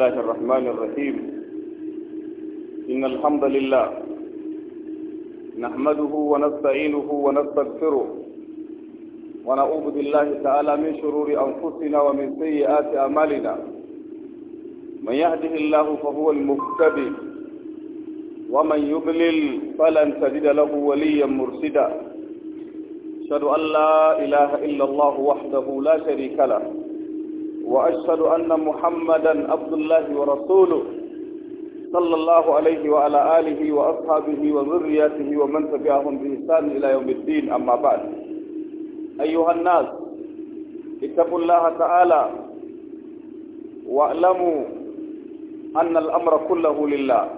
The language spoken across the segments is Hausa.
الله الرحمن الرحيم إن الحمد لله نحمده ونستعينه ونستغفره ونعوذ بالله تعالى من شرور أنفسنا ومن سيئات أعمالنا من يهده الله فهو المهتد ومن يضلل فلن تجد له وليا مرشدا أشهد أن لا إله إلا الله وحده لا شريك له وأشهد أن محمدا عبد الله ورسوله صلى الله عليه وعلى آله وأصحابه وذرياته ومن تبعهم بإحسان إلى يوم الدين أما بعد أيها الناس اتقوا الله تعالى واعلموا أن الأمر كله لله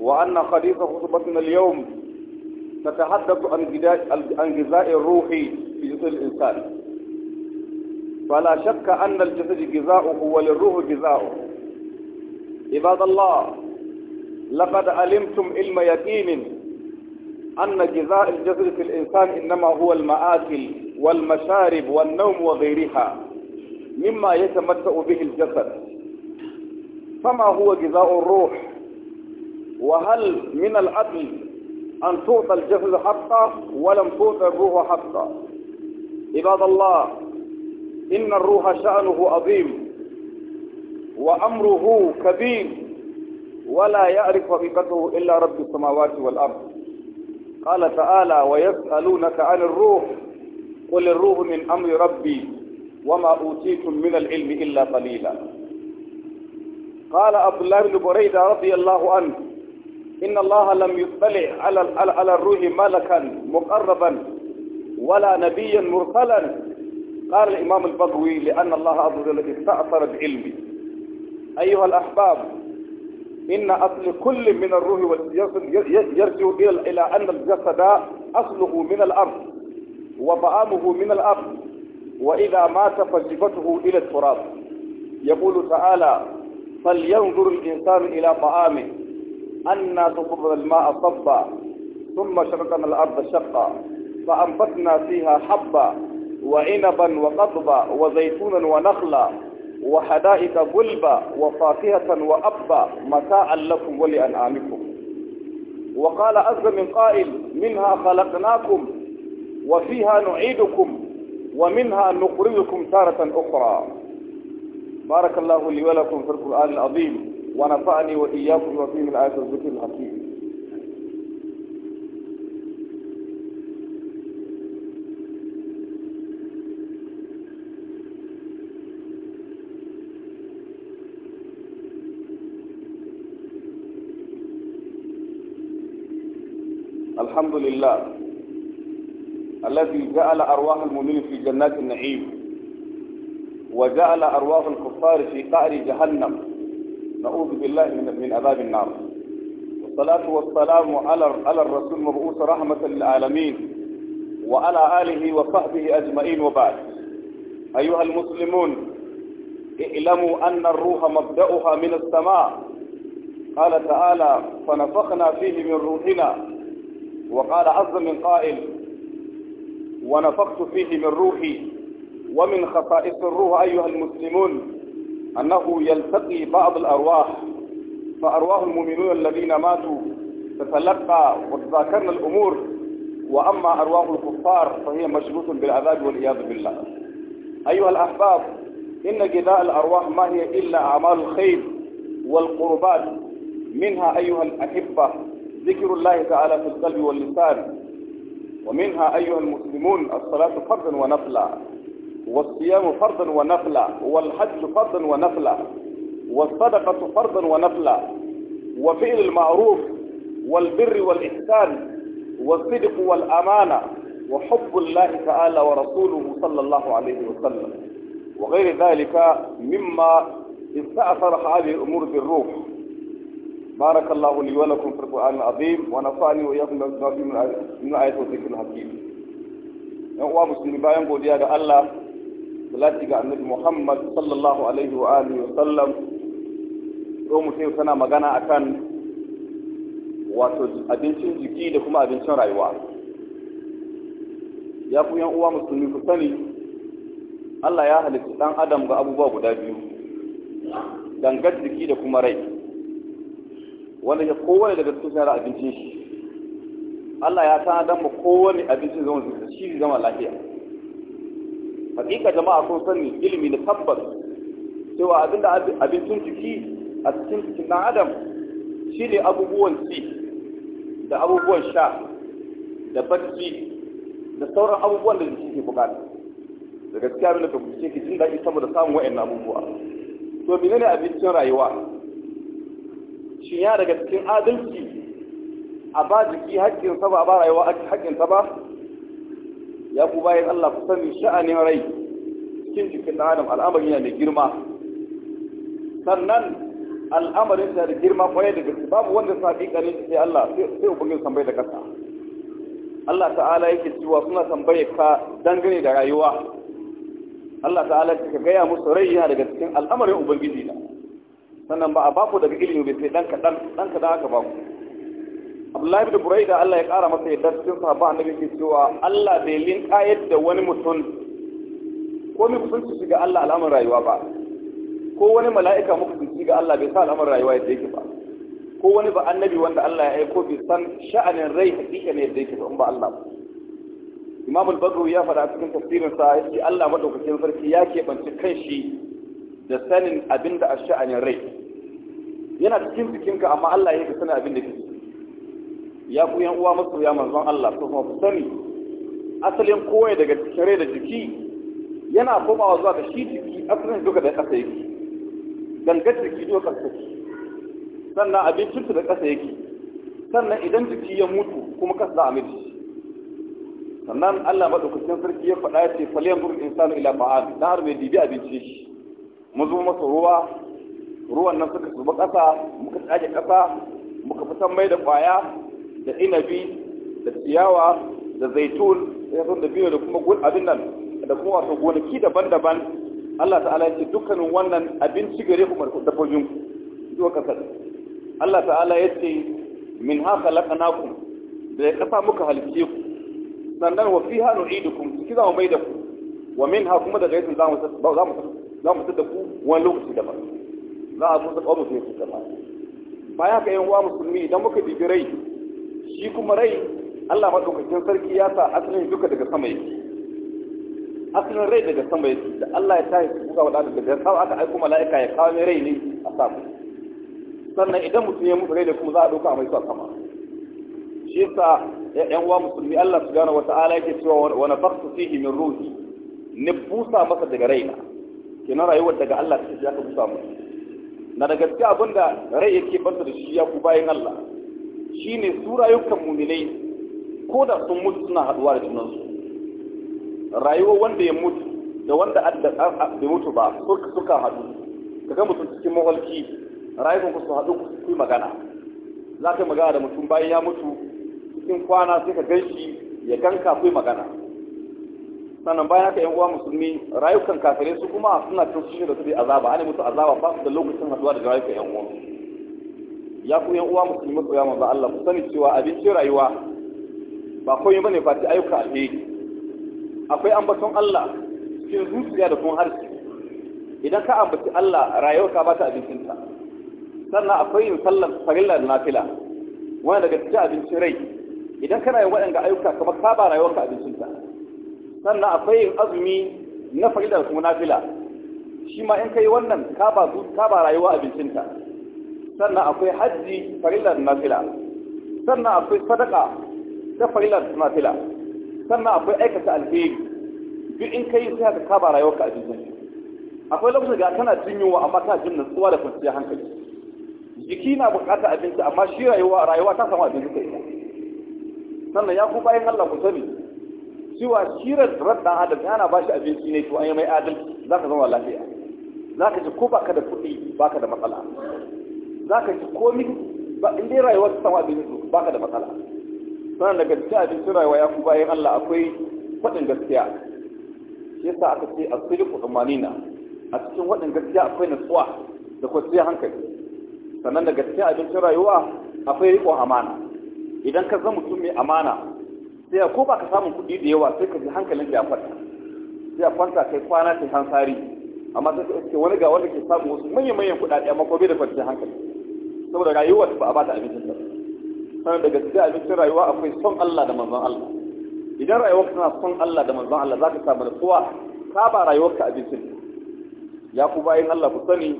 وأن حديث خطبتنا اليوم تتحدث عن غذاء الروح في جسد الإنسان فلا شك أن الجسد جزاؤه وللروح جزاؤه عباد الله لقد علمتم علم يقين أن جزاء الجسد في الإنسان إنما هو المآكل والمشارب والنوم وغيرها مما يتمتع به الجسد فما هو جزاء الروح وهل من العدل أن تعطى الجسد حقا ولم تعطى الروح حقا عباد الله إن الروح شأنه عظيم وأمره كبير ولا يعرف حقيقته إلا رب السماوات والأرض قال تعالى ويسألونك عن الروح قل الروح من أمر ربي وما أوتيتم من العلم إلا قليلا قال عبد الله بن بريدة رضي الله عنه إن الله لم يطلع على على الروح ملكا مقربا ولا نبيا مرسلا قال الإمام البغوي لأن الله عز وجل استأثر بعلمي أيها الأحباب إن أصل كل من الروح يرجع إلى أن الجسد أصله من الأرض وطعامه من الأرض وإذا مات فجبته إلى التراب يقول تعالى فلينظر الإنسان إلى طعامه أنا تصب الماء صبا ثم شرقنا الأرض شقا فأنبتنا فيها حبا وعنبا وقضبا وزيتونا ونخلا وحدائق بلبا وفاكهة وأبا متاعا لكم ولأنعامكم وقال أزل من قائل منها خلقناكم وفيها نعيدكم ومنها نقرضكم تارة أخرى بارك الله لي ولكم في القرآن العظيم ونفعني وإياكم وفيه من آية الذكر الحكيم الحمد لله الذي جعل أرواح المؤمنين في جنات النعيم وجعل أرواح الكفار في قعر جهنم نعوذ بالله من, من عذاب النار والصلاة والسلام على على الرسول مبعوث رحمة للعالمين وعلى آله وصحبه أجمعين وبعد أيها المسلمون اعلموا أن الروح مبدأها من السماء قال تعالى فنفخنا فيه من روحنا وقال عز من قائل ونفخت فيه من روحي ومن خصائص الروح أيها المسلمون أنه يلتقي بعض الأرواح فأرواح المؤمنون الذين ماتوا تتلقى وتذاكرنا الأمور وأما أرواح الكفار فهي مشروط بالعذاب والعياذ بالله أيها الأحباب إن جداء الأرواح ما هي إلا أعمال الخير والقربات منها أيها الأحبة ذكر الله تعالى في القلب واللسان ومنها أيها المسلمون الصلاة فرضا ونفلا والصيام فرضا ونفلا والحج فرضا ونفلا والصدقة فرضا ونفلا وفعل المعروف والبر والإحسان والصدق والأمانة وحب الله تعالى ورسوله صلى الله عليه وسلم وغير ذلك مما استأثر هذه الأمور بالروح بارك الله لي ولكم في القرآن العظيم yan uwa bayan godiya ga Allah salati ga annabi sallallahu alaihi wa wa sallam ko magana akan wato abincin jiki da kuma abincin rayuwa ya ku yan uwa musulmi ku sani Allah ya halitta dan adam ga abubuwa guda biyu gangar jiki da kuma rai wanda ya kowane daga cikin shara abincin shi Allah ya tana dan mu kowane abinci zama shi zama lafiya hakika jama'a sun sani ilimi da tabbas cewa abinda abincin jiki a cikin cikin na adam shi ne abubuwan ci da abubuwan sha da bacci da sauran abubuwan da jiki ke bukata da gaskiya abin da ka ki jin daɗi saboda samun wa'annan abubuwa to menene abincin rayuwa shi ya daga cikin adalci a ba jiki haƙƙin sa a ba rayuwa haƙƙin sa ba ya ku bayan Allah ku sani sha'anin rai cikin jikin ɗan adam al'amari yana da girma sannan al'amarin sa da girma kwaye da gaske babu wanda sa ƙarin sai Allah sai ubangin tambaye da kasa Allah ta'ala yake cewa suna tambaye ka dangane da rayuwa Allah ta'ala ka gaya musu rai yana daga cikin al'amarin ubangiji na sannan ba a baku daga ilimi bai sai dan ɗan dan kadan aka baku Abdullahi bin Buraida Allah ya ƙara masa yadda cikin sahaba annabi ke cewa Allah bai linka yadda wani mutum ko ni mai kusanci shiga Allah al'amuran rayuwa ba ko wani mala'ika mukusanci shiga Allah bai sa al'amuran rayuwa yadda yake ba ko wani ba annabi wanda Allah ya aiko bai san sha'anin rai hakika ne yadda yake ba in ba Allah ba imam al-bagawi ya faɗa cikin tafsirin sa yace Allah madaukakin sarki ya keɓance kanshi da sanin abinda a sha'anin rai yana cikin jikinka amma Allah ya sanar abin da kake ya ku yan uwa ya manzon Allah to kuma sani asalin koyi daga cikin da jiki yana komawa zuwa ga shi jiki asalin duka da kasa yake jiki duka kasa yake sannan abincinsu da ƙasa yake sannan idan jiki ya mutu kuma kasa za a miji sannan Allah madaukakin sarki ya faɗa ya ce falyan burin insanu ila ma'ad na har mai dibi abinci shi mu zo masa ruwa ruwan nan suka zuba ƙasa muka tsage ƙasa muka san mai da ƙwaya da inabi da ciyawa da zaitun da da biyu da kuma abin nan da kuma wasu gonaki daban-daban Allah ta'ala ya ce dukkanin wannan abinci gare ku marku dabbobin ku zuwa kasar Allah ta'ala ya ce min ha khalaqnakum da ya kafa muka halice ku sannan wa fiha nu'idukum kiki za mu mai da ku wa min ha kuma daga yasin za mu za mu za mu ku wani lokaci daban za a busa ƙwamu sai su zama bayan haka yan wa musulmi idan muka dibi rai shi kuma rai Allah madaukakin sarki ya sa asalin duka daga sama yake asalin rai daga sama yake da Allah ya tashi su buga wadanda daga sama aka aiko mala'ika ya kawo mai rai ne a samu sannan idan mutum ya mutu rai da kuma za a ɗauka a mai sa sama shi yasa yan wa musulmi Allah subhanahu wata'ala yake cewa wa nafakhtu fihi min ruhi ne busa masa daga raina kenan rayuwar daga Allah take ya ka busa masa na da gaske abin da rai yake banta da shi ya ku bayan Allah shi ne su rayukan muminai ko da sun mutu suna haɗuwa da junansu rayuwar wanda ya mutu da wanda adda bai mutu ba suka suka haɗu ga mutum cikin mawalki rayuwar ku su haɗu ku magana za ka magana da mutum bayan ya mutu cikin kwana sai ka gan shi ya ganka ku magana sannan bayan haka yan uwa musulmi rayukan kafirai su kuma suna cin su da su bi azaba ana musu azaba ba su da lokacin haduwa da rayukan yan uwa ya ku yan uwa musulmi masu ya manzo Allah ku sani cewa abinci rayuwa ba komai bane fati ayyuka alheri akwai ambaton Allah cikin zuciya da kuma harshe idan ka ambaci Allah rayuwarka ba ta abincinta sannan akwai yin sallar farilla da nafila wanda daga cikin abincin rai idan kana yin waɗanda ayyuka kamar ka ba rayuwarka abincin sannan akwai azumi na farida kuma na fila shi ma in kai wannan ka ba ka ba rayuwa abincinta sannan akwai hajji farida na fila sannan akwai sadaka ta farida na fila sannan akwai aikata alheri duk in kai sai ka ka ba rayuwa ka abincin akwai lokacin ga kana jin yunwa amma ka jin natsuwa da kwanciyar hankali jiki na bukata abinci amma shi rayuwa rayuwa ta samu abinci kai sannan ya ku bayan Allah ku sani cewa shirar raddan adam yana ba shi abinci ne to an yi mai adalci za ka zama lafiya za ka ci ko ba ka da kuɗi ba ka da matsala za ka ji komi in dai rayuwa ta samu abinci ba ka da matsala sannan daga cikin abincin rayuwa ya ku bayan allah akwai faɗin gaskiya shi yasa aka ce a sirri kuɗumanina a cikin waɗin gaskiya akwai natsuwa da kwanciyar hankali sannan daga cikin abincin rayuwa akwai riƙon amana idan ka zama mutum mai amana sai ko ba ka samun kuɗi da yawa sai ka ji hankalin ya kwanta sai a kwanta kai kwana kai hansari amma sai ka ce wani ga wanda ke samu wasu manyan manyan kuɗaɗe amma ko bai da kwanciyar hankali saboda rayuwa ba a bata abincin ta sannan daga cikin abincin rayuwa akwai son Allah da manzon Allah idan rayuwar tana son Allah da manzon Allah zaka samu nutsuwa ka ba rayuwar ka abincin ya ku bayin Allah ku sani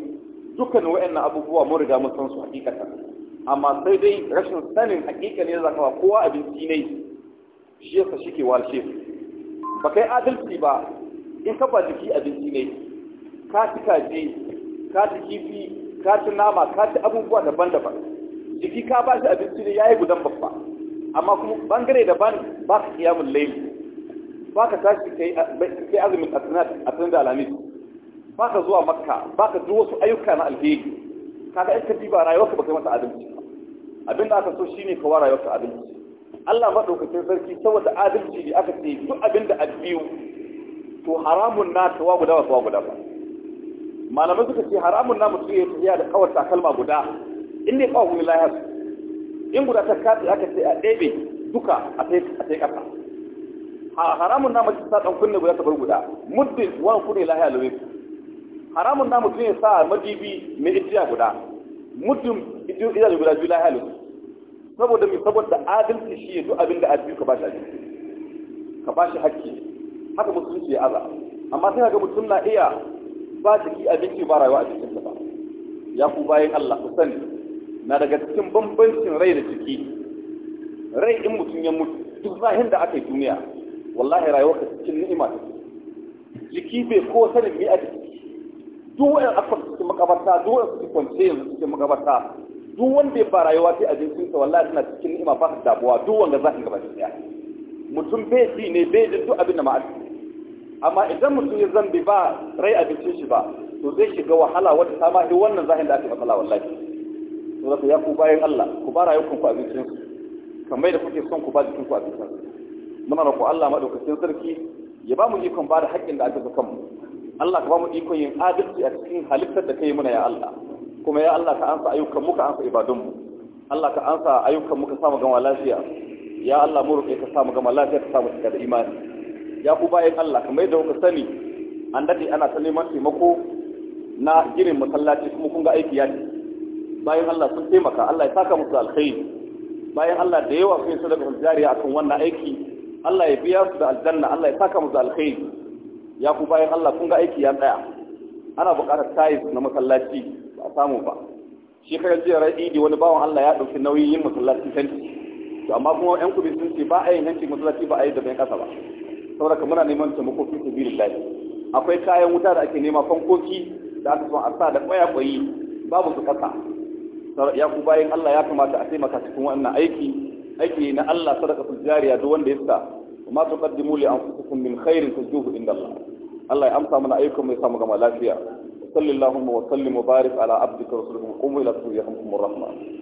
dukkan wa'annan abubuwa mun riga mun san su hakikatan amma sai dai rashin sanin hakika ne zaka ba kowa abinci ne shi shi ke warshe ba kai adalci ba in ka ba jiki abinci ne ka ci kaje ka ci kifi ka ci nama ka ci abubuwa daban-daban jiki ka ba shi abinci ne yi gudan babba amma kuma bangare daban ba ka kiyamun laili ba ka tashi kai azumin asinar da alamis ba ka zuwa makka ba ka duk wasu ayyuka na alheri kaga in ka diba rayuwarka ba kai mata abinci abin da aka so shine ka wa rayuwarka abinci Allah maɗaukakin sarki saboda adalci ne aka ce duk abin da biyu to haramun na tawa guda ba tawa guda ba malamai suka ce haramun na mutum ya tafiya da kawar takalma guda in ne kawar wani layar in guda ta kati aka ce a ɗebe duka a sai ƙasa haramun na mutum sa ɗan kunne guda ta bar guda muddin wa kunne layar lawe haramun na mutum ya sa madibi mai ijiya guda muddin idan guda biyu layar lawe saboda mai saboda adalci shi ya abin da adalci ka shi adalci ka ba shi hakki haka musulunci ya aza amma sai ga mutum na iya ba jiki abinci ba rayuwa a cikin ba ya ku bayan Allah ku sani na daga cikin bambancin rai da jiki rai in mutum ya mutu duk zahin da aka yi duniya wallahi rayuwar ka cikin ni'ima ta jiki bai ko sanin me a jiki duk wayan akwai cikin makabarta duk wani cikin kwance yanzu cikin makabarta duk wanda ya fara rayuwa sai jinsin sa wallahi suna cikin ni'ima ba da buwa duk wanda za ka gaba daya mutum bai ji ne bai ji duk abin da ma'a amma idan mutum ya zambi ba rai abincin shi ba to zai shiga wahala wata ta ma wannan zahin da ake matsala wallahi to zaka ya ku bayan Allah ku ba rayukan ku abincin su kamar da kuke son ku ba jikin ku abincin su muna roƙo Allah madaukakin sarki ya ba mu ikon ba da haƙƙin da aka zaka kanmu Allah ka ba mu ikon yin adalci a cikin halittar da kai muna ya Allah kuma ya Allah ka ansa ayyukan muka ansa ibadunmu Allah ka ansa ayyukan muka samu gama lafiya ya Allah mu roƙe ka samu gama lafiya ka samu cika da imani ya ku bayan Allah kamar yadda kuka sani an dade ana ta neman taimako na girin masallaci kuma kun ga aiki ya ce bayan Allah sun taimaka Allah ya saka musu alkhairi bayan Allah da yawa sun sadaka jariya akan wannan aiki Allah ya biya su da aljanna Allah ya saka musu alkhairi ya ku bayan Allah kun ga aiki ya tsaya ana buƙatar tayis na masallaci baka samu ba shi kaga jiya ra'idi wani bawan Allah ya dauki nauyin yin masallaci tanti to amma kuma yan kubi sun ce ba a yin hanci masallaci ba a yi da bayan kasa ba saboda muna neman taimako fi sabilillah akwai kayan wuta da ake nema fankoki da aka son a sa da ƙwaya kwayi babu su kasa ya ku bayan Allah ya kamata a taimaka cikin wannan aiki aiki na Allah sadaqatul jariya duk wanda ya sa ma tuqaddimu li anfusikum min khairin tajuhu inda Allah Allah ya amsa mana ayyukan mai samu gama lafiya صل اللهم وسلم وبارك على عبدك ورسولك قوموا إلى صلاتكم الرحمن